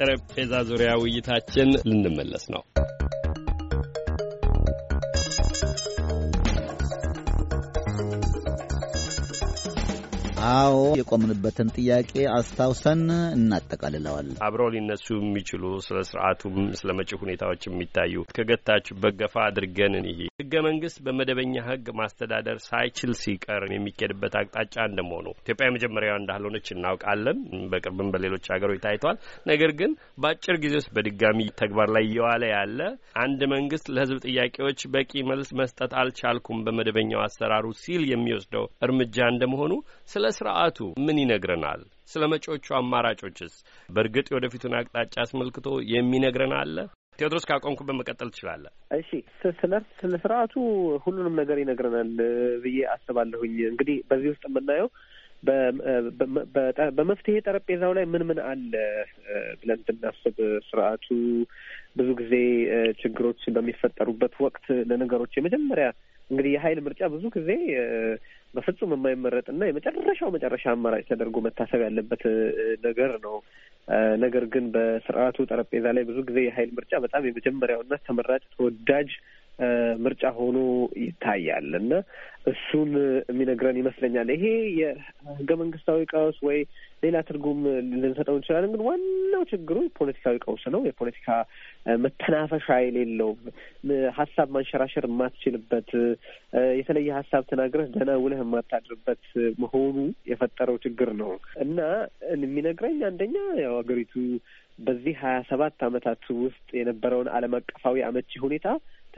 ጠረጴዛ ዙሪያ ውይይታችን ልንመለስ ነው። አዎ የቆምንበትን ጥያቄ አስታውሰን እናጠቃልለዋል። አብረው ሊነሱ የሚችሉ ስለ ስርዓቱም ስለ መጪ ሁኔታዎች የሚታዩ ከገታችሁበት ገፋ አድርገን ይሄ ህገ መንግስት በመደበኛ ህግ ማስተዳደር ሳይችል ሲቀር የሚኬድበት አቅጣጫ እንደመሆኑ ኢትዮጵያ የመጀመሪያው እንዳልሆነች እናውቃለን። በቅርብም በሌሎች ሀገሮች ታይቷል። ነገር ግን በአጭር ጊዜ ውስጥ በድጋሚ ተግባር ላይ እየዋለ ያለ አንድ መንግስት ለህዝብ ጥያቄዎች በቂ መልስ መስጠት አልቻልኩም በመደበኛው አሰራሩ ሲል የሚወስደው እርምጃ እንደመሆኑ ስለ ስርዓቱ ምን ይነግረናል? ስለ መጪዎቹ አማራጮችስ በእርግጥ የወደፊቱን አቅጣጫ አስመልክቶ የሚነግረን አለ? ቴዎድሮስ ካቆንኩ መቀጠል ትችላለ። እሺ፣ ስለ ስለ ስርዓቱ ሁሉንም ነገር ይነግረናል ብዬ አስባለሁኝ። እንግዲህ በዚህ ውስጥ የምናየው በመፍትሄ ጠረጴዛው ላይ ምን ምን አለ ብለን ብናስብ ስርዓቱ ብዙ ጊዜ ችግሮች በሚፈጠሩበት ወቅት ለነገሮች የመጀመሪያ እንግዲህ የሀይል ምርጫ ብዙ ጊዜ በፍጹም የማይመረጥና የመጨረሻው መጨረሻ አማራጭ ተደርጎ መታሰብ ያለበት ነገር ነው። ነገር ግን በስርዓቱ ጠረጴዛ ላይ ብዙ ጊዜ የሀይል ምርጫ በጣም የመጀመሪያውና ተመራጭ ተወዳጅ ምርጫ ሆኖ ይታያል እና እሱን የሚነግረን ይመስለኛል። ይሄ የህገ መንግስታዊ ቀውስ ወይ ሌላ ትርጉም ልንሰጠው እንችላለን። ግን ዋናው ችግሩ የፖለቲካዊ ቀውስ ነው። የፖለቲካ መተናፈሻ የሌለው ሀሳብ ማንሸራሸር የማትችልበት የተለየ ሀሳብ ተናግረህ ደህና ውለህ የማታድርበት መሆኑ የፈጠረው ችግር ነው እና የሚነግረኝ አንደኛ ያው ሀገሪቱ በዚህ ሀያ ሰባት አመታት ውስጥ የነበረውን ዓለም አቀፋዊ አመቺ ሁኔታ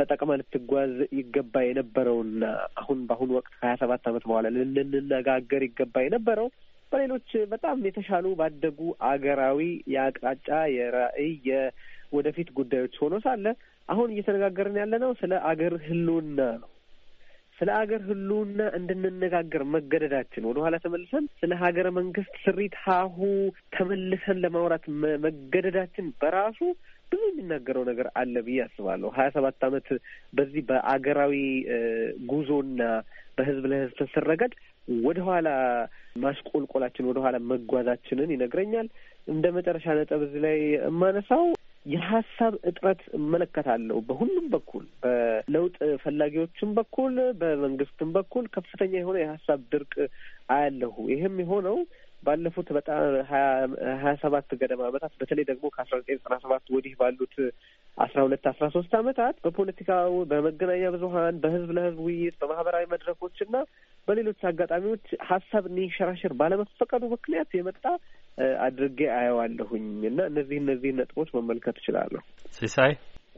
ተጠቅመ ልትጓዝ ይገባ የነበረውና አሁን በአሁኑ ወቅት ከሀያ ሰባት ዓመት በኋላ ልንነጋገር ይገባ የነበረው በሌሎች በጣም የተሻሉ ባደጉ አገራዊ የአቅጣጫ የራዕይ የወደፊት ጉዳዮች ሆኖ ሳለ አሁን እየተነጋገርን ያለ ነው ስለ አገር ህልውና ነው። ስለ አገር ህልውና እንድንነጋገር መገደዳችን ወደ ኋላ ተመልሰን ስለ ሀገረ መንግስት ስሪት ሀሁ ተመልሰን ለማውራት መገደዳችን በራሱ ብዙ የሚናገረው ነገር አለ ብዬ አስባለሁ። ሀያ ሰባት አመት በዚህ በአገራዊ ጉዞና በህዝብ ለህዝብ ትስስር ረገድ ወደኋላ ማሽቆልቆላችን ወደኋላ መጓዛችንን ይነግረኛል። እንደ መጨረሻ ነጥብ እዚህ ላይ የማነሳው የሀሳብ እጥረት እመለከታለሁ። በሁሉም በኩል በለውጥ ፈላጊዎችም በኩል በመንግስትም በኩል ከፍተኛ የሆነ የሀሳብ ድርቅ አያለሁ። ይህም የሆነው ባለፉት በጣም ሀያ ሰባት ገደማ አመታት በተለይ ደግሞ ከአስራ ዘጠኝ ዘጠና ሰባት ወዲህ ባሉት አስራ ሁለት አስራ ሶስት አመታት በፖለቲካው፣ በመገናኛ ብዙሀን በህዝብ ለህዝብ ውይይት፣ በማህበራዊ መድረኮች እና በሌሎች አጋጣሚዎች ሀሳብ እንዲንሸራሸር ባለመፈቀዱ ምክንያት የመጣ አድርጌ አየዋለሁኝ እና እነዚህ እነዚህ ነጥቦች መመልከት እችላለሁ። ሲሳይ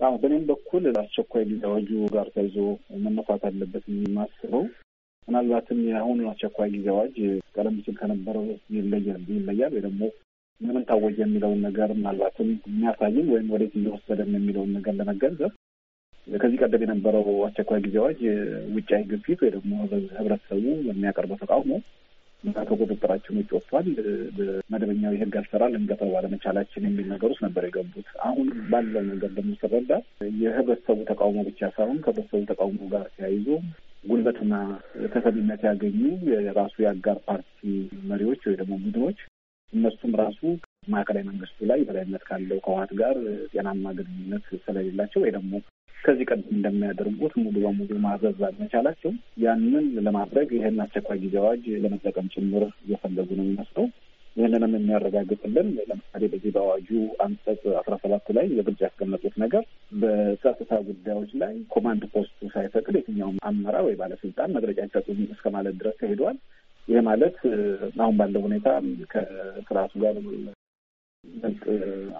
አዎ፣ በእኔም በኩል አስቸኳይ ጊዜ አዋጁ ጋር ተይዞ መነፋት አለበት የማስበው ምናልባትም የአሁኑ አስቸኳይ ጊዜ አዋጅ ቀደም ሲል ከነበረው ይለያል ይለያል ወይ ደግሞ ለምን ታወጀ የሚለውን ነገር ምናልባትም የሚያሳይም ወይም ወዴት እየወሰደም የሚለውን ነገር ለመገንዘብ ከዚህ ቀደም የነበረው አስቸኳይ ጊዜ አዋጅ ውጫዊ ግፊት ወይ ደግሞ ህብረተሰቡ የሚያቀርበው ተቃውሞ ከቁጥጥራችን ውጭ ወጥቷል፣ በመደበኛው የህግ አሰራር ልንገጠው ባለመቻላችን የሚል ነገር ውስጥ ነበር የገቡት። አሁን ባለው ነገር ደግሞ ስረዳ የህብረተሰቡ ተቃውሞ ብቻ ሳይሆን ከህብረተሰቡ ተቃውሞ ጋር ተያይዞ ጉልበትና ተሰሚነት ያገኙ የራሱ የአጋር ፓርቲ መሪዎች ወይ ደግሞ ቡድኖች እነሱም ራሱ ማዕከላዊ መንግስቱ ላይ በላይነት ካለው ከህወሓት ጋር ጤናማ ግንኙነት ስለሌላቸው ወይ ደግሞ ከዚህ ቀደም እንደሚያደርጉት ሙሉ በሙሉ ማዘዝ አልመቻላቸው ያንን ለማድረግ ይህን አስቸኳይ ጊዜ አዋጅ ለመጠቀም ጭምር እየፈለጉ ነው የሚመስለው። ይህንንም የሚያረጋግጥልን ለምሳሌ በዚህ በአዋጁ አንቀጽ አስራ ሰባት ላይ በግልጽ ያስቀመጡት ነገር በጸጥታ ጉዳዮች ላይ ኮማንድ ፖስቱ ሳይፈቅድ የትኛውም አመራ ወይ ባለስልጣን መግለጫ ይሰጡም እስከ ማለት ድረስ ተሄደዋል። ይህ ማለት አሁን ባለው ሁኔታ ከስርዓቱ ጋር ጥልቅ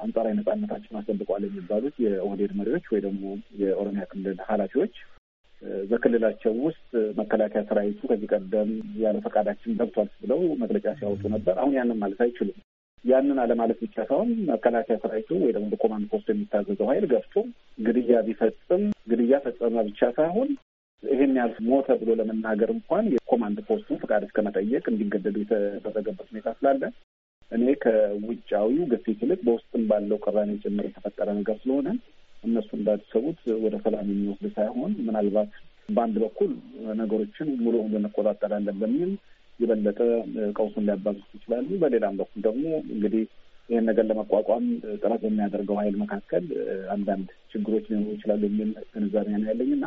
አንጻራዊ ነጻነታችን አስጠብቋል የሚባሉት የኦህዴድ መሪዎች ወይ ደግሞ የኦሮሚያ ክልል ኃላፊዎች በክልላቸው ውስጥ መከላከያ ሰራዊቱ ከዚህ ቀደም ያለ ፈቃዳችን ገብቷል ብለው መግለጫ ሲያወጡ ነበር። አሁን ያንን ማለት አይችሉም። ያንን አለማለት ብቻ ሳይሆን መከላከያ ሰራዊቱ ወይ ደግሞ በኮማንድ ፖስቱ የሚታዘዘው ኃይል ገብቶ ግድያ ቢፈጽም ግድያ ፈጸመ ብቻ ሳይሆን ይህን ያህል ሞተ ብሎ ለመናገር እንኳን የኮማንድ ፖስቱን ፈቃድ እስከ መጠየቅ እንዲገደዱ የተደረገበት ሁኔታ ስላለ እኔ ከውጫዊው ግፊት ይልቅ በውስጥም ባለው ቅራኔ ጭምር የተፈጠረ ነገር ስለሆነ እነሱ እንዳሰቡት ወደ ሰላም የሚወስድ ሳይሆን ምናልባት በአንድ በኩል ነገሮችን ሙሉ አለን በሚል የበለጠ ቀውሱን ሊያባዙት ይችላሉ። በሌላም በኩል ደግሞ እንግዲህ ይህን ነገር ለመቋቋም ጥረት የሚያደርገው ኃይል መካከል አንዳንድ ችግሮች ሊኖሩ ይችላሉ የሚል ግንዛቤ ነው ያለኝ እና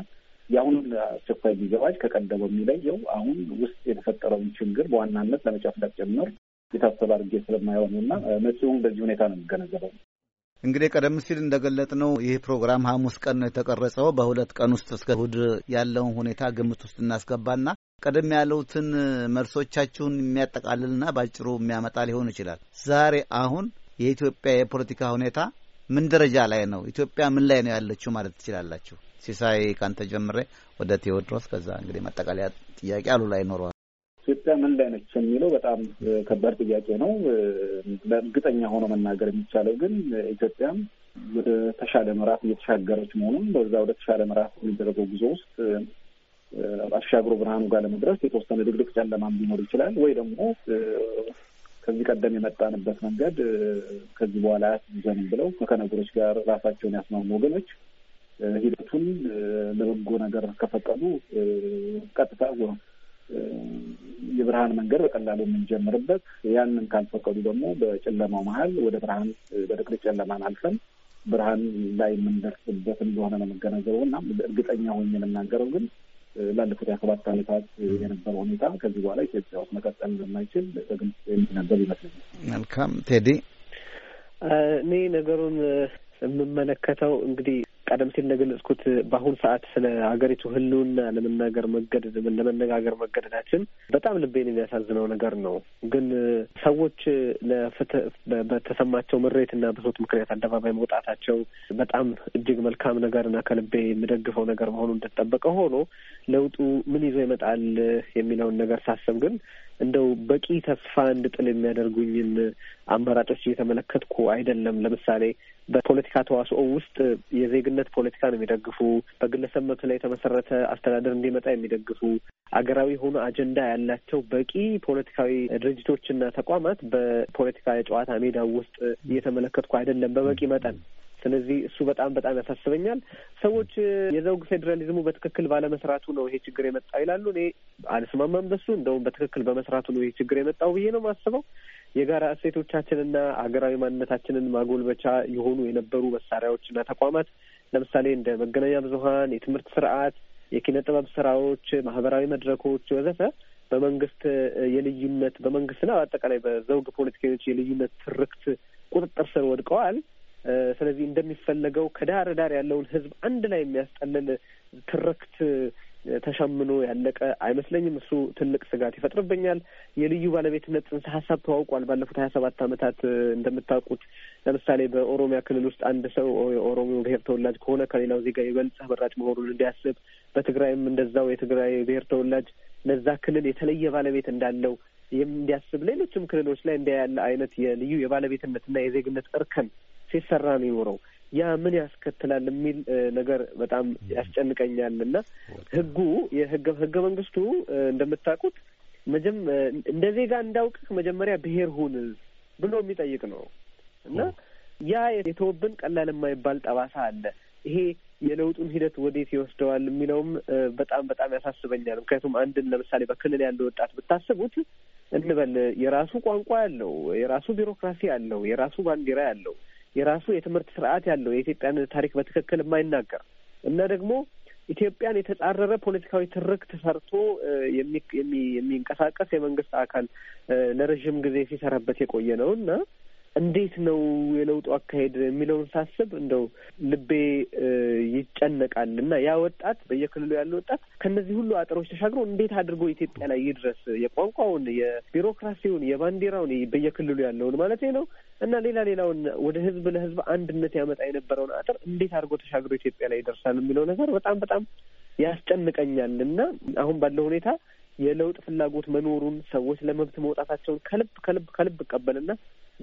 የአሁን አስቸኳይ ጊዜ አዋጅ ከቀደመው የሚለየው አሁን ውስጥ የተፈጠረውን ችግር በዋናነት ለመጨፍለቅ ጭምር የታሰበ አድርጌ ስለማይሆኑ እና መጪውን በዚህ ሁኔታ ነው የሚገነዘበው። እንግዲህ ቀደም ሲል እንደገለጽነው ይህ ፕሮግራም ሐሙስ ቀን ነው የተቀረጸው። በሁለት ቀን ውስጥ እስከ እሑድ ያለውን ሁኔታ ግምት ውስጥ እናስገባና ቀደም ያሉትን መልሶቻችሁን የሚያጠቃልልና ባጭሩ የሚያመጣ ሊሆን ይችላል። ዛሬ አሁን የኢትዮጵያ የፖለቲካ ሁኔታ ምን ደረጃ ላይ ነው? ኢትዮጵያ ምን ላይ ነው ያለችው ማለት ትችላላችሁ? ሲሳይ ካንተ ጀምሬ ወደ ቴዎድሮስ፣ ከዛ እንግዲህ ማጠቃለያ ጥያቄ አሉ ላይ ኖረዋል። ኢትዮጵያ ምን ላይ ነች የሚለው በጣም ከባድ ጥያቄ ነው። በእርግጠኛ ሆኖ መናገር የሚቻለው ግን ኢትዮጵያም ወደ ተሻለ ምዕራፍ እየተሻገረች መሆኑን በዛ ወደ ተሻለ ምዕራፍ የሚደረገው ጉዞ ውስጥ አሻግሮ ብርሃኑ ጋር ለመድረስ የተወሰነ ድቅድቅ ጨለማም ሊኖር ይችላል ወይ ደግሞ ከዚህ ቀደም የመጣንበት መንገድ ከዚህ በኋላ ዘንም ብለው ከነገሮች ጋር ራሳቸውን ያስማሙ ወገኖች ሂደቱን ለበጎ ነገር ከፈቀዱ ቀጥታ የብርሃን መንገድ በቀላሉ የምንጀምርበት ያንን ካልፈቀዱ ደግሞ በጨለማው መሀል ወደ ብርሃን በድቅድቅ ጨለማን አልፈን ብርሃን ላይ የምንደርስበት እንደሆነ ነው የምገነዘበው እና እርግጠኛ ሆኜ የምናገረው ግን ላለፉት ያሰባት ዓመታት የነበረው ሁኔታ ከዚህ በኋላ ኢትዮጵያ ውስጥ መቀጠል እንደማይችል በግልጽ የሚነበብ ይመስለኛል። መልካም ቴዲ፣ እኔ ነገሩን የምመለከተው እንግዲህ ቀደም ሲል እንደገለጽኩት በአሁኑ ሰዓት ስለ ሀገሪቱ ህልውና ለመናገር መገደድ ለመነጋገር መገደዳችን በጣም ልቤን የሚያሳዝነው ነገር ነው። ግን ሰዎች ለፍትህ በተሰማቸው ምሬትና ብሶት ምክንያት አደባባይ መውጣታቸው በጣም እጅግ መልካም ነገርና ከልቤ የምደግፈው ነገር መሆኑ እንደተጠበቀ ሆኖ ለውጡ ምን ይዞ ይመጣል የሚለውን ነገር ሳስብ ግን እንደው በቂ ተስፋ እንድጥል የሚያደርጉኝን አማራጮች እየተመለከትኩ አይደለም። ለምሳሌ በፖለቲካ ተዋስኦ ውስጥ የዜግነት ነው የሚደግፉ በግለሰብ መብት ላይ የተመሰረተ አስተዳደር እንዲመጣ የሚደግፉ አገራዊ የሆኑ አጀንዳ ያላቸው በቂ ፖለቲካዊ ድርጅቶችና ተቋማት በፖለቲካ የጨዋታ ሜዳ ውስጥ እየተመለከትኩ አይደለም በበቂ መጠን። ስለዚህ እሱ በጣም በጣም ያሳስበኛል። ሰዎች የዘውግ ፌዴራሊዝሙ በትክክል ባለመስራቱ ነው ይሄ ችግር የመጣው ይላሉ። እኔ አልስማማም በሱ። እንደውም በትክክል በመስራቱ ነው ይሄ ችግር የመጣው ብዬ ነው ማስበው። የጋራ እሴቶቻችንና ሀገራዊ ማንነታችንን ማጎልበቻ የሆኑ የነበሩ መሳሪያዎችና ተቋማት ለምሳሌ እንደ መገናኛ ብዙኃን፣ የትምህርት ስርዓት፣ የኪነ ጥበብ ስራዎች፣ ማህበራዊ መድረኮች ወዘተ በመንግስት የልዩነት በመንግስትና በአጠቃላይ በዘውግ ፖለቲከኞች የልዩነት ትርክት ቁጥጥር ስር ወድቀዋል። ስለዚህ እንደሚፈለገው ከዳር ዳር ያለውን ህዝብ አንድ ላይ የሚያስጠልል ትርክት ተሸምኖ ያለቀ አይመስለኝም። እሱ ትልቅ ስጋት ይፈጥርብኛል። የልዩ ባለቤትነት ጽንሰ ሀሳብ ተዋውቋል። ባለፉት ሀያ ሰባት ዓመታት እንደምታውቁት ለምሳሌ በኦሮሚያ ክልል ውስጥ አንድ ሰው የኦሮሚዮ ብሔር ተወላጅ ከሆነ ከሌላው ዜጋ ይበልጥ ተመራጭ መሆኑን እንዲያስብ፣ በትግራይም እንደዛው የትግራይ ብሔር ተወላጅ ለዛ ክልል የተለየ ባለቤት እንዳለው እንዲያስብ፣ ሌሎችም ክልሎች ላይ እንዲያ ያለ አይነት የልዩ የባለቤትነትና የዜግነት እርከን ሲሰራ ነው የኖረው። ያ ምን ያስከትላል የሚል ነገር በጣም ያስጨንቀኛል። እና ህጉ የህገ ህገ መንግስቱ እንደምታውቁት መጀም እንደ ዜጋ እንዳውቅህ መጀመሪያ ብሄር ሁን ብሎ የሚጠይቅ ነው እና ያ የተወብን ቀላል የማይባል ጠባሳ አለ። ይሄ የለውጡን ሂደት ወዴት ይወስደዋል የሚለውም በጣም በጣም ያሳስበኛል። ምክንያቱም አንድን ለምሳሌ በክልል ያለ ወጣት ብታስቡት እንበል የራሱ ቋንቋ ያለው፣ የራሱ ቢሮክራሲ ያለው፣ የራሱ ባንዲራ ያለው የራሱ የትምህርት ስርዓት ያለው የኢትዮጵያን ታሪክ በትክክል የማይናገር እና ደግሞ ኢትዮጵያን የተጻረረ ፖለቲካዊ ትርክት ሰርቶ የሚንቀሳቀስ የመንግስት አካል ለረዥም ጊዜ ሲሰራበት የቆየ ነው እና እንዴት ነው የለውጡ አካሄድ የሚለውን ሳስብ እንደው ልቤ ይጨነቃል እና ያ ወጣት በየክልሉ ያለ ወጣት ከነዚህ ሁሉ አጥሮች ተሻግሮ እንዴት አድርጎ ኢትዮጵያ ላይ ይድረስ? የቋንቋውን፣ የቢሮክራሲውን፣ የባንዲራውን በየክልሉ ያለውን ማለት ነው እና ሌላ ሌላውን ወደ ህዝብ ለህዝብ አንድነት ያመጣ የነበረውን አጥር እንዴት አድርጎ ተሻግሮ ኢትዮጵያ ላይ ይደርሳል የሚለው ነገር በጣም በጣም ያስጨንቀኛል እና አሁን ባለው ሁኔታ የለውጥ ፍላጎት መኖሩን ሰዎች ለመብት መውጣታቸውን ከልብ ከልብ ከልብ እቀበልና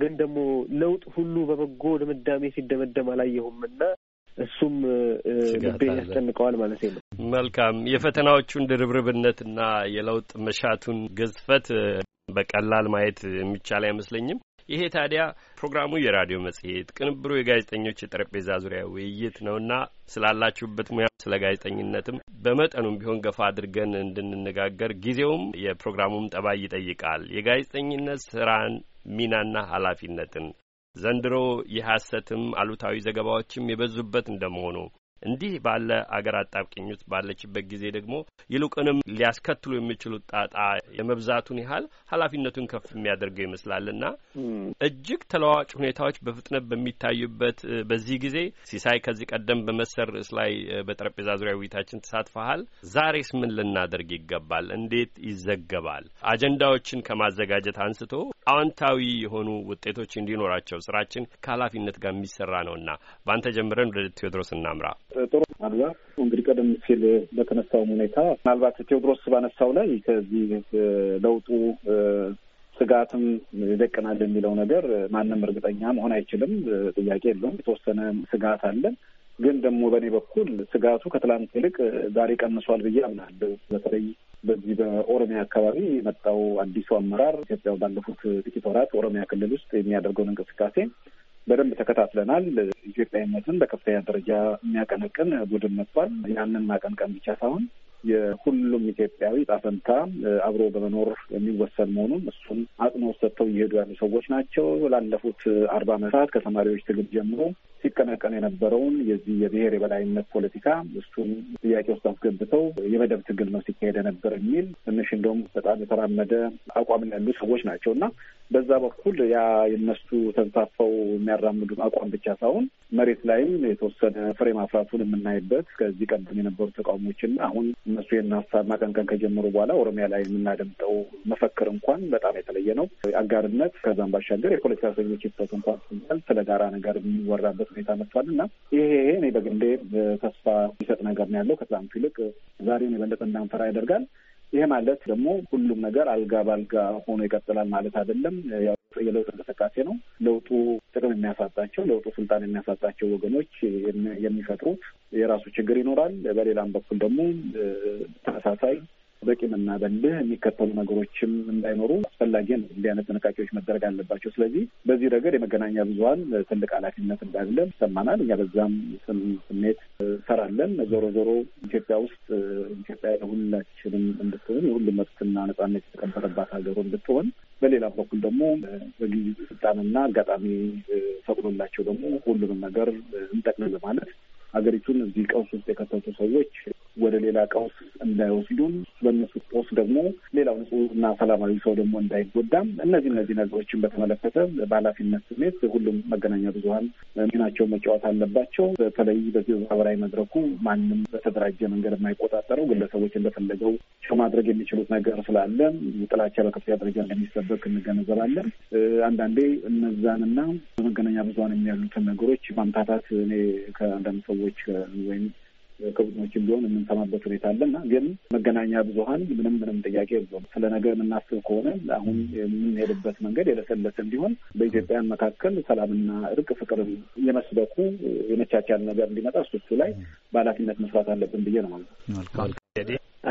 ግን ደግሞ ለውጥ ሁሉ በበጎ ድምዳሜ ሲደመደም አላየሁም እና እሱም ልቤ ያስጨንቀዋል ማለት ነው። መልካም የፈተናዎቹን ድርብርብነትና የለውጥ መሻቱን ግዝፈት በቀላል ማየት የሚቻል አይመስለኝም። ይሄ ታዲያ ፕሮግራሙ የራዲዮ መጽሔት፣ ቅንብሩ የጋዜጠኞች የጠረጴዛ ዙሪያ ውይይት ነውና ስላላችሁበት ሙያ ስለ ጋዜጠኝነትም በመጠኑም ቢሆን ገፋ አድርገን እንድንነጋገር ጊዜውም የፕሮግራሙም ጠባይ ይጠይቃል። የጋዜጠኝነት ስራን ሚናና ኃላፊነትን ዘንድሮ የሐሰትም አሉታዊ ዘገባዎችም የበዙበት እንደመሆኑ እንዲህ ባለ አገር አጣብቅኝ ባለችበት ጊዜ ደግሞ ይልቁንም ሊያስከትሉ የሚችሉት ጣጣ የመብዛቱን ያህል ኃላፊነቱን ከፍ የሚያደርገው ይመስላልና እጅግ ተለዋዋጭ ሁኔታዎች በፍጥነት በሚታዩበት በዚህ ጊዜ ሲሳይ፣ ከዚህ ቀደም በመሰር ርዕስ ላይ በጠረጴዛ ዙሪያ ውይይታችን ተሳትፈሃል። ዛሬስ ምን ልናደርግ ይገባል? እንዴት ይዘገባል? አጀንዳዎችን ከማዘጋጀት አንስቶ አዎንታዊ የሆኑ ውጤቶች እንዲኖራቸው ስራችን ከኃላፊነት ጋር የሚሰራ ነውና በአንተ ጀምረን ወደ ቴዎድሮስ እናምራ። ጥሩ አልባ እንግዲህ ቀደም ሲል በተነሳውም ሁኔታ ምናልባት ቴዎድሮስ ባነሳው ላይ ከዚህ ለውጡ ስጋትም ይደቅናል የሚለው ነገር ማንም እርግጠኛ መሆን አይችልም፣ ጥያቄ የለውም። የተወሰነ ስጋት አለ። ግን ደግሞ በእኔ በኩል ስጋቱ ከትላንት ይልቅ ዛሬ ቀንሷል ብዬ አምናለሁ። በተለይ በዚህ በኦሮሚያ አካባቢ የመጣው አዲሱ አመራር ኢትዮጵያ ባለፉት ጥቂት ወራት ኦሮሚያ ክልል ውስጥ የሚያደርገውን እንቅስቃሴ በደንብ ተከታትለናል። ኢትዮጵያዊነትን በከፍተኛ ደረጃ የሚያቀነቅን ቡድን መጥቷል። ያንን ማቀንቀን ብቻ ሳይሆን የሁሉም ኢትዮጵያዊ ጣፈንታ አብሮ በመኖር የሚወሰን መሆኑን እሱን አጽንኦት ሰጥተው እየሄዱ ያሉ ሰዎች ናቸው። ላለፉት አርባ ዓመታት ከተማሪዎች ትግል ጀምሮ ሲቀነቀን የነበረውን የዚህ የብሔር የበላይነት ፖለቲካ እሱን ጥያቄ ውስጥ አስገብተው የመደብ ትግል ነው ሲካሄደ ነበር የሚል ትንሽ እንደውም በጣም የተራመደ አቋም ያሉ ሰዎች ናቸው እና በዛ በኩል ያ የነሱ ተንሳፈው የሚያራምዱ አቋም ብቻ ሳይሆን መሬት ላይም የተወሰነ ፍሬ ማፍራቱን የምናይበት ከዚህ ቀደም የነበሩ ተቃውሞችና አሁን እነሱ ይህን ሀሳብ ማቀንቀን ከጀመሩ በኋላ ኦሮሚያ ላይ የምናደምጠው መፈክር እንኳን በጣም የተለየ ነው። አጋርነት፣ ከዛም ባሻገር የፖለቲካ እስረኞች ይፈቱ እንኳን ስንል ስለ ጋራ ነገር የሚወራበት ሁኔታ መጥቷል እና ይሄ ይሄ እኔ በግንዴ ተስፋ የሚሰጥ ነገር ነው ያለው። ከትላንቱ ይልቅ ዛሬን የበለጠ እንዳንፈራ ያደርጋል። ይሄ ማለት ደግሞ ሁሉም ነገር አልጋ ባልጋ ሆኖ ይቀጥላል ማለት አይደለም። ያው የለውጥ እንቅስቃሴ ነው። ለውጡ ጥቅም የሚያሳጣቸው ለውጡ ስልጣን የሚያሳጣቸው ወገኖች የሚፈጥሩት የራሱ ችግር ይኖራል። በሌላም በኩል ደግሞ ተመሳሳይ በቂ በልህ የሚከተሉ ነገሮችም እንዳይኖሩ አስፈላጊ ነው። እንዲህ አይነት ጥንቃቄዎች መደረግ አለባቸው። ስለዚህ በዚህ ረገድ የመገናኛ ብዙኃን ትልቅ ኃላፊነት እንዳለ ይሰማናል። እኛ በዛም ስሜት እንሰራለን። ዞሮ ዞሮ ኢትዮጵያ ውስጥ ኢትዮጵያ የሁላችንም እንድትሆን የሁሉ መብትና ነጻነት የተከበረባት ሀገሩ እንድትሆን በሌላ በኩል ደግሞ በጊዜ ስልጣንና አጋጣሚ ፈቅዶላቸው ደግሞ ሁሉንም ነገር እንጠቅም ለማለት ሀገሪቱን እዚህ ቀውስ ውስጥ የከተቱ ሰዎች ወደ ሌላ ቀውስ እንዳይወስዱን፣ በእነሱ ቀውስ ደግሞ ሌላው ንጹህና ሰላማዊ ሰው ደግሞ እንዳይጎዳም እነዚህ እነዚህ ነገሮችን በተመለከተ በኃላፊነት ስሜት ሁሉም መገናኛ ብዙኃን ሚናቸው መጫወት አለባቸው። በተለይ በዚህ ማህበራዊ መድረኩ ማንም በተደራጀ መንገድ የማይቆጣጠረው ግለሰቦች እንደፈለገው ማድረግ የሚችሉት ነገር ስላለ ጥላቻ በከፍተኛ ደረጃ እንደሚሰበክ እንገነዘባለን። አንዳንዴ እነዛንና በመገናኛ ብዙኃን የሚያሉትን ነገሮች ማምታታት እኔ ከአንዳንድ ሰዎች ወይም ከቡድኖችን ቢሆን የምንሰማበት ሁኔታ አለና ግን መገናኛ ብዙሀን ምንም ምንም ጥያቄ የለውም። ስለ ነገ የምናስብ ከሆነ አሁን የምንሄድበት መንገድ የለሰለሰ እንዲሆን በኢትዮጵያን መካከል ሰላምና እርቅ፣ ፍቅርን የመስበኩ የመቻቻል ነገር እንዲመጣ እሱ ላይ በኃላፊነት መስራት አለብን ብዬ ነው ማለት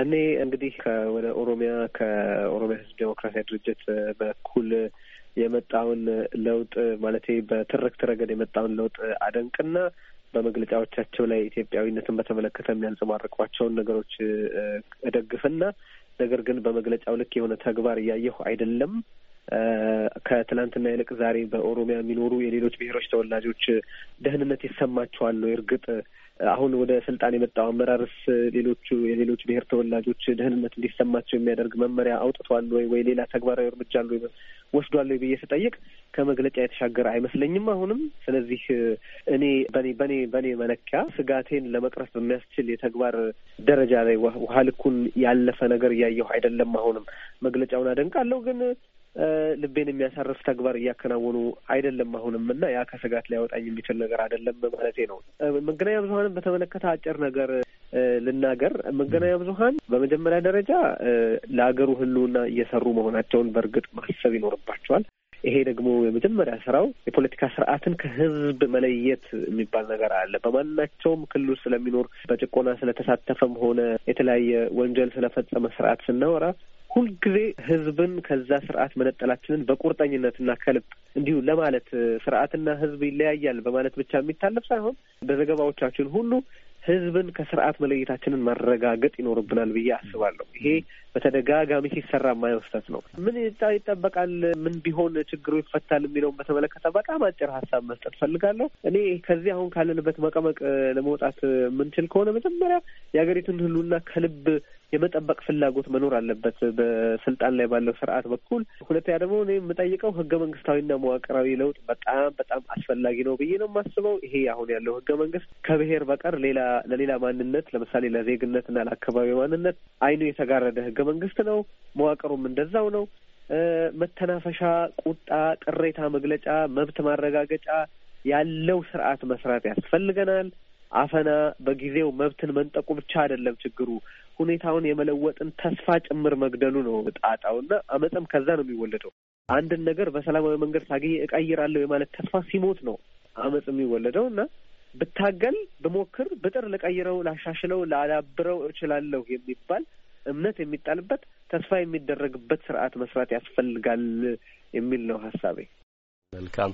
እኔ እንግዲህ ወደ ኦሮሚያ ከኦሮሚያ ህዝብ ዴሞክራሲያዊ ድርጅት በኩል የመጣውን ለውጥ ማለት በትርክት ረገድ የመጣውን ለውጥ አደንቅና በመግለጫዎቻቸው ላይ ኢትዮጵያዊነትን በተመለከተ የሚያንጸባርቋቸውን ነገሮች እደግፍና ነገር ግን በመግለጫው ልክ የሆነ ተግባር እያየሁ አይደለም። ከትላንትና ይልቅ ዛሬ በኦሮሚያ የሚኖሩ የሌሎች ብሔሮች ተወላጆች ደህንነት ይሰማቸዋል ነው እርግጥ አሁን ወደ ስልጣን የመጣው አመራርስ ሌሎቹ የሌሎች ብሔር ተወላጆች ደህንነት እንዲሰማቸው የሚያደርግ መመሪያ አውጥቷል ወይ ወይ ሌላ ተግባራዊ እርምጃ አለ ወይ ወስዷል ወይ ብዬ ስጠይቅ ከመግለጫ የተሻገረ አይመስለኝም። አሁንም ስለዚህ እኔ በኔ በኔ በኔ መለኪያ ስጋቴን ለመቅረፍ በሚያስችል የተግባር ደረጃ ላይ ውሃ ልኩን ያለፈ ነገር እያየሁ አይደለም። አሁንም መግለጫውን አደንቃለሁ ግን ልቤን የሚያሳርፍ ተግባር እያከናወኑ አይደለም አሁንም እና ያ ከስጋት ሊያወጣኝ የሚችል ነገር አይደለም ማለቴ ነው። መገናኛ ብዙኃንን በተመለከተ አጭር ነገር ልናገር። መገናኛ ብዙኃን በመጀመሪያ ደረጃ ለሀገሩ ሕልውና እየሰሩ መሆናቸውን በእርግጥ ማሰብ ይኖርባቸዋል። ይሄ ደግሞ የመጀመሪያ ስራው የፖለቲካ ስርዓትን ከህዝብ መለየት የሚባል ነገር አለ። በማናቸውም ክልል ስለሚኖር በጭቆና ስለተሳተፈም ሆነ የተለያየ ወንጀል ስለፈጸመ ስርዓት ስናወራ ሁልጊዜ ህዝብን ከዛ ስርዓት መነጠላችንን በቁርጠኝነትና ከልብ እንዲሁ ለማለት ስርዓትና ህዝብ ይለያያል በማለት ብቻ የሚታለፍ ሳይሆን በዘገባዎቻችን ሁሉ ህዝብን ከስርዓት መለየታችንን ማረጋገጥ ይኖርብናል ብዬ አስባለሁ። ይሄ በተደጋጋሚ ሲሰራ የማየው ነው። ምን ይጠበቃል? ምን ቢሆን ችግሩ ይፈታል የሚለውን በተመለከተ በጣም አጭር ሀሳብ መስጠት ፈልጋለሁ። እኔ ከዚህ አሁን ካለንበት መቀመቅ ለመውጣት የምንችል ከሆነ መጀመሪያ የሀገሪቱን ህሉና ከልብ የመጠበቅ ፍላጎት መኖር አለበት በስልጣን ላይ ባለው ስርዓት በኩል። ሁለተኛ ደግሞ እኔ የምጠይቀው ህገ መንግስታዊና መዋቅራዊ ለውጥ በጣም በጣም አስፈላጊ ነው ብዬ ነው የማስበው። ይሄ አሁን ያለው ህገ መንግስት ከብሔር በቀር ሌላ ለሌላ ማንነት ለምሳሌ ለዜግነትና ለአካባቢ ማንነት አይኑ የተጋረደ ህገ መንግስት ነው። መዋቅሩም እንደዛው ነው። መተናፈሻ፣ ቁጣ፣ ቅሬታ መግለጫ፣ መብት ማረጋገጫ ያለው ስርዓት መስራት ያስፈልገናል። አፈና በጊዜው መብትን መንጠቁ ብቻ አይደለም ችግሩ። ሁኔታውን የመለወጥን ተስፋ ጭምር መግደሉ ነው ጣጣው እና አመፀም ከዛ ነው የሚወለደው። አንድን ነገር በሰላማዊ መንገድ ሳገኝ እቀይራለሁ የማለት ተስፋ ሲሞት ነው አመፅ የሚወለደው እና ብታገል፣ ብሞክር፣ ብጥር፣ ልቀይረው፣ ላሻሽለው፣ ላዳብረው እችላለሁ የሚባል እምነት የሚጣልበት ተስፋ የሚደረግበት ስርዓት መስራት ያስፈልጋል የሚል ነው ሀሳቤ። መልካም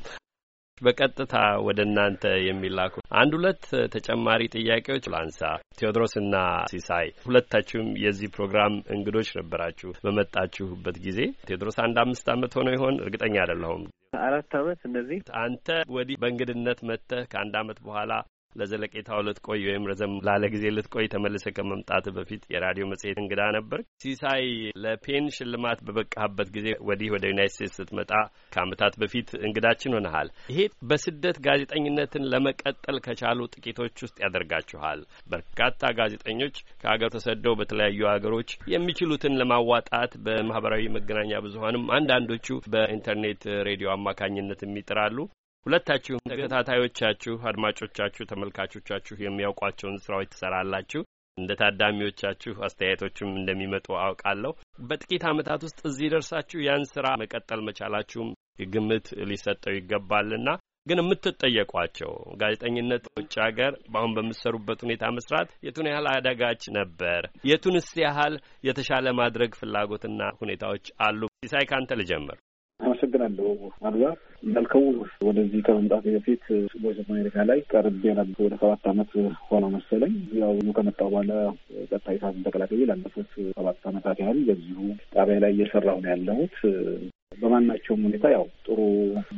በቀጥታ ወደ እናንተ የሚላኩ አንድ ሁለት ተጨማሪ ጥያቄዎች ላንሳ። ቴዎድሮስና ሲሳይ ሁለታችሁም የዚህ ፕሮግራም እንግዶች ነበራችሁ በመጣችሁበት ጊዜ። ቴዎድሮስ አንድ አምስት ዓመት ሆነው ይሆን? እርግጠኛ አይደለሁም። አራት አመት እነዚህ አንተ ወዲህ በእንግድነት መጥተህ ከአንድ አመት በኋላ ለዘለቄታው ልትቆይ ወይም ረዘም ላለ ጊዜ ልትቆይ ተመልሰ ከመምጣት በፊት የራዲዮ መጽሔት እንግዳ ነበር። ሲሳይ ለፔን ሽልማት በበቃህበት ጊዜ ወዲህ ወደ ዩናይት ስቴትስ ስትመጣ ከአመታት በፊት እንግዳችን ሆነሃል። ይሄ በስደት ጋዜጠኝነትን ለመቀጠል ከቻሉ ጥቂቶች ውስጥ ያደርጋችኋል። በርካታ ጋዜጠኞች ከሀገር ተሰደው በተለያዩ ሀገሮች የሚችሉትን ለማዋጣት በማህበራዊ መገናኛ ብዙሀንም አንዳንዶቹ በኢንተርኔት ሬዲዮ አማካኝነት የሚጥራሉ። ሁለታችሁ ተከታታዮቻችሁ፣ አድማጮቻችሁ፣ ተመልካቾቻችሁ የሚያውቋቸውን ስራዎች ትሰራላችሁ። እንደ ታዳሚዎቻችሁ አስተያየቶችም እንደሚመጡ አውቃለሁ። በጥቂት ዓመታት ውስጥ እዚህ ደርሳችሁ ያን ስራ መቀጠል መቻላችሁም ግምት ሊሰጠው ይገባልና ግን የምትጠየቋቸው ጋዜጠኝነት ውጭ ሀገር በአሁን በምትሰሩበት ሁኔታ መስራት የቱን ያህል አዳጋች ነበር? የቱንስ ያህል የተሻለ ማድረግ ፍላጎትና ሁኔታዎች አሉ? ሲሳይ ካንተ ልጀምር። አመሰግናለሁ አሉላ። መልከው ወደዚህ ከመምጣት በፊት ቦይስ ኦፍ አሜሪካ ላይ ቀርቤ ነበር። ወደ ሰባት አመት ሆነ መሰለኝ። ያው ከመጣው በኋላ ቀጥታ ሳትን ተቀላቀየ። ላለፉት ሰባት አመታት ያህል በዚሁ ጣቢያ ላይ እየሰራሁ ነው ያለሁት። በማናቸውም ሁኔታ ያው ጥሩ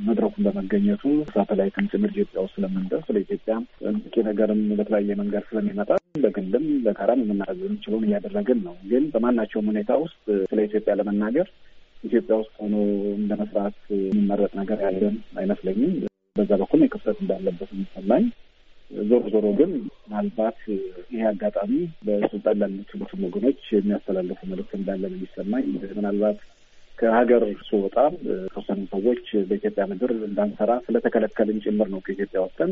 መድረኩን በመገኘቱ ሳተላይትም ጭምር ኢትዮጵያ ውስጥ ስለምንደርስ ለኢትዮጵያ ንቂ ነገርም በተለያየ መንገድ ስለሚመጣ በግልም በጋራም የምናደርገው የምንችለውን እያደረግን ነው። ግን በማናቸውም ሁኔታ ውስጥ ስለ ኢትዮጵያ ለመናገር ኢትዮጵያ ውስጥ ሆኖ እንደ መስራት የሚመረጥ ነገር ያለን አይመስለኝም። በዛ በኩል የክፍተት እንዳለበት የሚሰማኝ ዞሮ ዞሮ ግን ምናልባት ይሄ አጋጣሚ በስልጣን ላሉትሉትም ወገኖች የሚያስተላልፉ መልዕክት እንዳለ የሚሰማኝ። ምናልባት ከሀገር ስወጣ ተወሰኑ ሰዎች በኢትዮጵያ ምድር እንዳንሰራ ስለተከለከልን ጭምር ነው ከኢትዮጵያ ወጥተን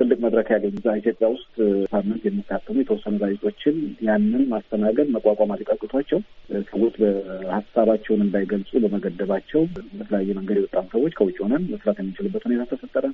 ትልቅ መድረክ ያገኙ ኢትዮጵያ ውስጥ ሳምንት የሚታተሙ የተወሰኑ ጋዜጦችን ያንን ማስተናገድ መቋቋም አልቃቅቷቸው ሰዎች ሀሳባቸውን እንዳይገልጹ በመገደባቸው በተለያየ መንገድ የወጣም ሰዎች ከውጭ ሆነን መስራት የሚችሉበት ሁኔታ ተፈጠረ።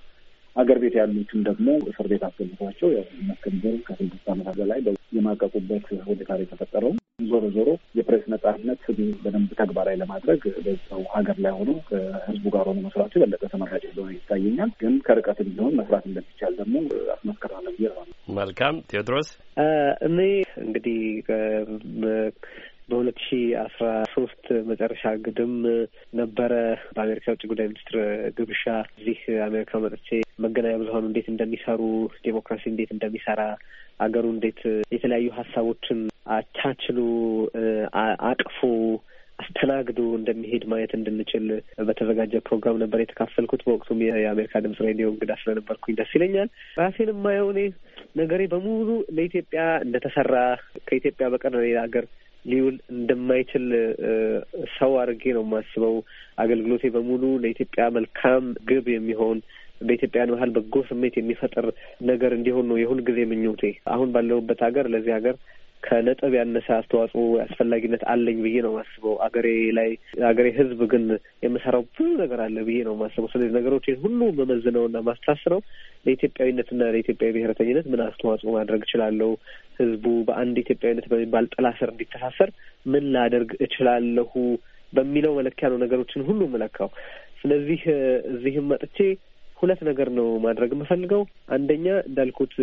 ሀገር ቤት ያሉትም ደግሞ እስር ቤት አስገብቷቸው መስገንዘር ከስድስት ዓመታት በላይ የማቀቁበት ሁኔታ ነው የተፈጠረው። ዞሮ ዞሮ የፕሬስ ነጻነት ህግን በደንብ ተግባራዊ ለማድረግ በዛው ሀገር ላይ ሆኖ ከህዝቡ ጋር ሆኖ መስራቱ የበለጠ ተመራጭ እንደሆነ ይታየኛል። ግን ከርቀት ቢሆን መስራት እንደሚቻል ደግሞ አስመስከራ ብዬ ነው። መልካም ቴዎድሮስ፣ እኔ እንግዲህ በሁለት ሺ አስራ ሶስት መጨረሻ ግድም ነበረ በአሜሪካ የውጭ ጉዳይ ሚኒስትር ግብሻ እዚህ አሜሪካ መጥቼ መገናኛ ብዙሀኑ እንዴት እንደሚሰሩ፣ ዴሞክራሲ እንዴት እንደሚሰራ፣ አገሩ እንዴት የተለያዩ ሀሳቦችን አቻችሉ አቅፎ አስተናግዶ እንደሚሄድ ማየት እንድንችል በተዘጋጀ ፕሮግራም ነበር የተካፈልኩት። በወቅቱም የአሜሪካ ድምጽ ሬዲዮ እንግዳ ስለነበርኩኝ ደስ ይለኛል። ራሴን የማየው እኔ ነገሬ በሙሉ ለኢትዮጵያ እንደተሰራ ከኢትዮጵያ በቀር ለሌላ ሀገር ሊውል እንደማይችል ሰው አድርጌ ነው የማስበው። አገልግሎቴ በሙሉ ለኢትዮጵያ መልካም ግብ የሚሆን በኢትዮጵያውያን ባህል በጎ ስሜት የሚፈጥር ነገር እንዲሆን ነው የሁል ጊዜ ምኞቴ። አሁን ባለሁበት ሀገር ለዚህ ሀገር ከነጥብ ያነሰ አስተዋጽኦ አስፈላጊነት አለኝ ብዬ ነው ማስበው። አገሬ ላይ አገሬ ሕዝብ ግን የምሰራው ብዙ ነገር አለ ብዬ ነው ማስበው። ስለዚህ ነገሮችን ሁሉ መመዝነውና ማስታስረው ለኢትዮጵያዊነትና ለኢትዮጵያዊ ብሔረተኝነት ምን አስተዋጽኦ ማድረግ እችላለሁ፣ ሕዝቡ በአንድ ኢትዮጵያዊነት በሚባል ጥላ ስር እንዲተሳሰር ምን ላደርግ እችላለሁ በሚለው መለኪያ ነው ነገሮችን ሁሉ ምለካው። ስለዚህ እዚህም መጥቼ ሁለት ነገር ነው ማድረግ የምፈልገው። አንደኛ እንዳልኩት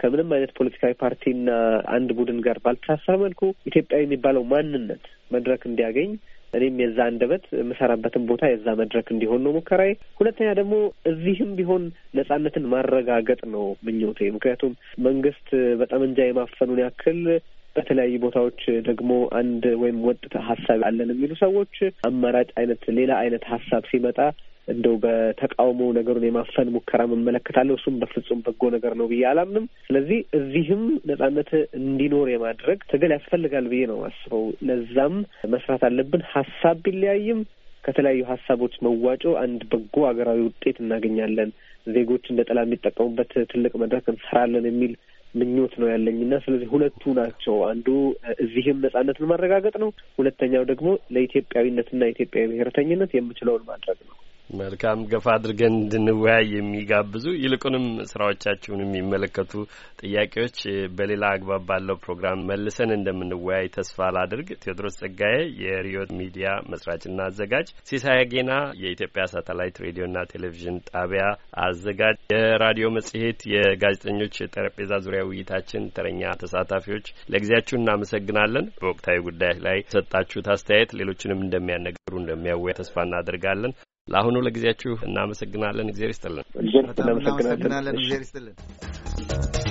ከምንም አይነት ፖለቲካዊ ፓርቲና አንድ ቡድን ጋር ባልተሳሰረ መልኩ ኢትዮጵያ የሚባለው ማንነት መድረክ እንዲያገኝ እኔም የዛ አንደበት የምሰራበትን ቦታ የዛ መድረክ እንዲሆን ነው ሙከራዬ። ሁለተኛ ደግሞ እዚህም ቢሆን ነጻነትን ማረጋገጥ ነው ምኞቴ። ምክንያቱም መንግስት በጠመንጃ የማፈኑን ያክል በተለያዩ ቦታዎች ደግሞ አንድ ወይም ወጥ ሀሳብ አለን የሚሉ ሰዎች አማራጭ አይነት ሌላ አይነት ሀሳብ ሲመጣ እንደው በተቃውሞ ነገሩን የማፈን ሙከራ መመለከታለሁ። እሱም በፍጹም በጎ ነገር ነው ብዬ አላምንም። ስለዚህ እዚህም ነጻነት እንዲኖር የማድረግ ትግል ያስፈልጋል ብዬ ነው አስበው። ለዛም መስራት አለብን። ሀሳብ ቢለያይም ከተለያዩ ሀሳቦች መዋጮ አንድ በጎ ሀገራዊ ውጤት እናገኛለን። ዜጎች እንደ ጥላ የሚጠቀሙበት ትልቅ መድረክ እንሰራለን የሚል ምኞት ነው ያለኝ እና ስለዚህ ሁለቱ ናቸው። አንዱ እዚህም ነጻነትን ማረጋገጥ ነው። ሁለተኛው ደግሞ ለኢትዮጵያዊነትና ኢትዮጵያዊ ብሔርተኝነት የምችለውን ማድረግ ነው። መልካም ገፋ አድርገን እንድንወያይ የሚጋብዙ ይልቁንም ስራዎቻችሁን የሚመለከቱ ጥያቄዎች በሌላ አግባብ ባለው ፕሮግራም መልሰን እንደምንወያይ ተስፋ ላድርግ። ቴዎድሮስ ጸጋዬ የሪዮ ሚዲያ መስራችና አዘጋጅ፣ ሲሳይ ጌና የኢትዮጵያ ሳተላይት ሬዲዮና ቴሌቪዥን ጣቢያ አዘጋጅ፣ የራዲዮ መጽሔት የጋዜጠኞች ጠረጴዛ ዙሪያ ውይይታችን ተረኛ ተሳታፊዎች ለጊዜያችሁ እናመሰግናለን። በወቅታዊ ጉዳይ ላይ ሰጣችሁት አስተያየት ሌሎችንም እንደሚያነጋግሩ እንደሚያወያ ተስፋ እናደርጋለን። ለአሁኑ ለጊዜያችሁ እናመሰግናለን። እግዜር ይስጥልን። እናመሰግናለን። እግዜር ይስጥልን።